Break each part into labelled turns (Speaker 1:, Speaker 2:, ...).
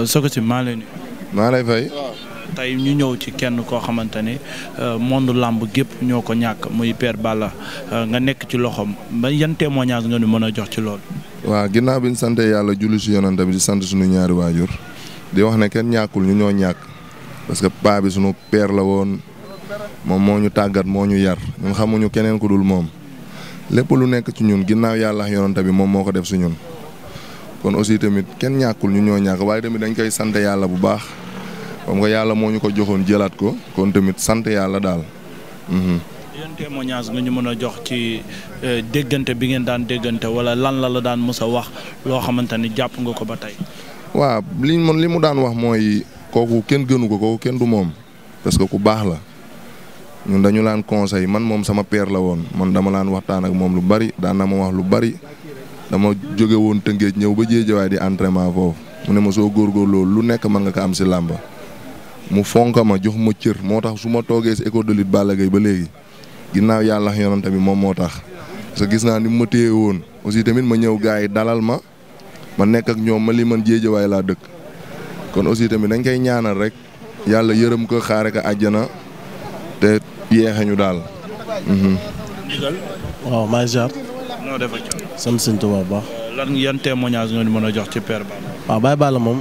Speaker 1: Euh, soo ko si maale lay nuyu. maa fay. tey ñu ñëw ci kenn koo xamante ni euh, monde làmb gépp ñoo ko ñàkk muy Père Balla euh, nga nekk ci loxoom ba yan témoignage nga ñu mën a jox ci loolu.
Speaker 2: waa ginnaaw bi ñu sant yàlla julli si yonante bi di sant suñu ñaari waajur di wax ne kenn ñàkkul ñu ñoo ñàkk parce que paa bi suñu père la woon moom moo ñu tàggat moo ñu yar ñun xamuñu keneen ku dul moom lépp lu nekk ci ñun ginnaaw yàlla yonante bi moom moo ko def si ñun. kon aussi tamit kenn ñàkkul ñu ñoo ñàkk waaye tamit dañ koy sante yàlla bu baax xam nga yàlla moo ñu ko joxoon jëlaat ko kon tamit sant yàlla daal. Mhm.
Speaker 1: yan nga ñu mën a jox ci euh, déggante bi ngeen daan déggante wala lan la la daan mës wax loo xamante ni jàpp nga ko ba tey.
Speaker 2: waaw liñ mën li mu daan wax mooy kooku kenn gënu ko kooku kenn du moom parce que ku baax la ñun dañu laan conseil man moom sama père la woon man dama laan waxtaan ak moom lu bari daan na ma wax lu bari. dama jóge woon tëngeej ñëw ba jéejawaay di entraînement foofu mu ne ma soo góorgóorloo lu nekk mën nga ko am si làmba mu fonka ma jox ma cër moo tax su ma toogee si école de lutte Balla Gaye ba léegi ginnaaw yàlla yonante bi moom moo tax sa gis naa ni mu ma téye woon aussi tamit ma ñëw gars yi dalal ma ma nekk ak ñoom ma li man jéejawaay laa dëkk kon aussi tamit dañ koy ñaanal rek yàlla yërëm ko xaare ko àjjana te yeexe ñu daal. Mhm. noo def ak coono. sant sëñ Tuubaa bu baax. Euh,
Speaker 1: lan yan témoignage nga mën a jox ci Père Balla.
Speaker 3: waaw Baye Balla moom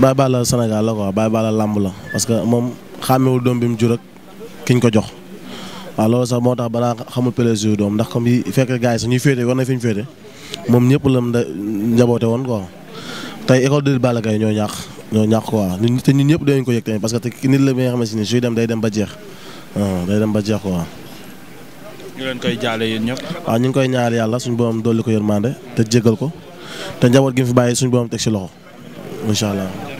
Speaker 3: Baye Balla Sénégal la quoi Baye Balla làmb la parce que moom xàmmewul doom bi mu jur ak ki ko jox. waaw loolu sax moo tax balaa xamul plaisir doom ndax comme yi fekk gars yi sax ñuy féete war na fi ñu féete moom ñëpp la njaboote woon quoi tey école de Balla Gaye ñoo ñàkk ñoo ñàkk quoi ñun te ñun ñëpp dañu ko yëg tamit parce que nit la bi nga xamante ne suy dem day dem ba jeex day dem ba jeex quoi.
Speaker 1: ñu leen koy jaale yéen ñëpp.
Speaker 3: waaw ñu ngi koy ñaari yàlla suñu borom dolli ko yërmande te jégal ko te njaboot gi mu fi bàyyi suñu borom teg ci loxo incha allah.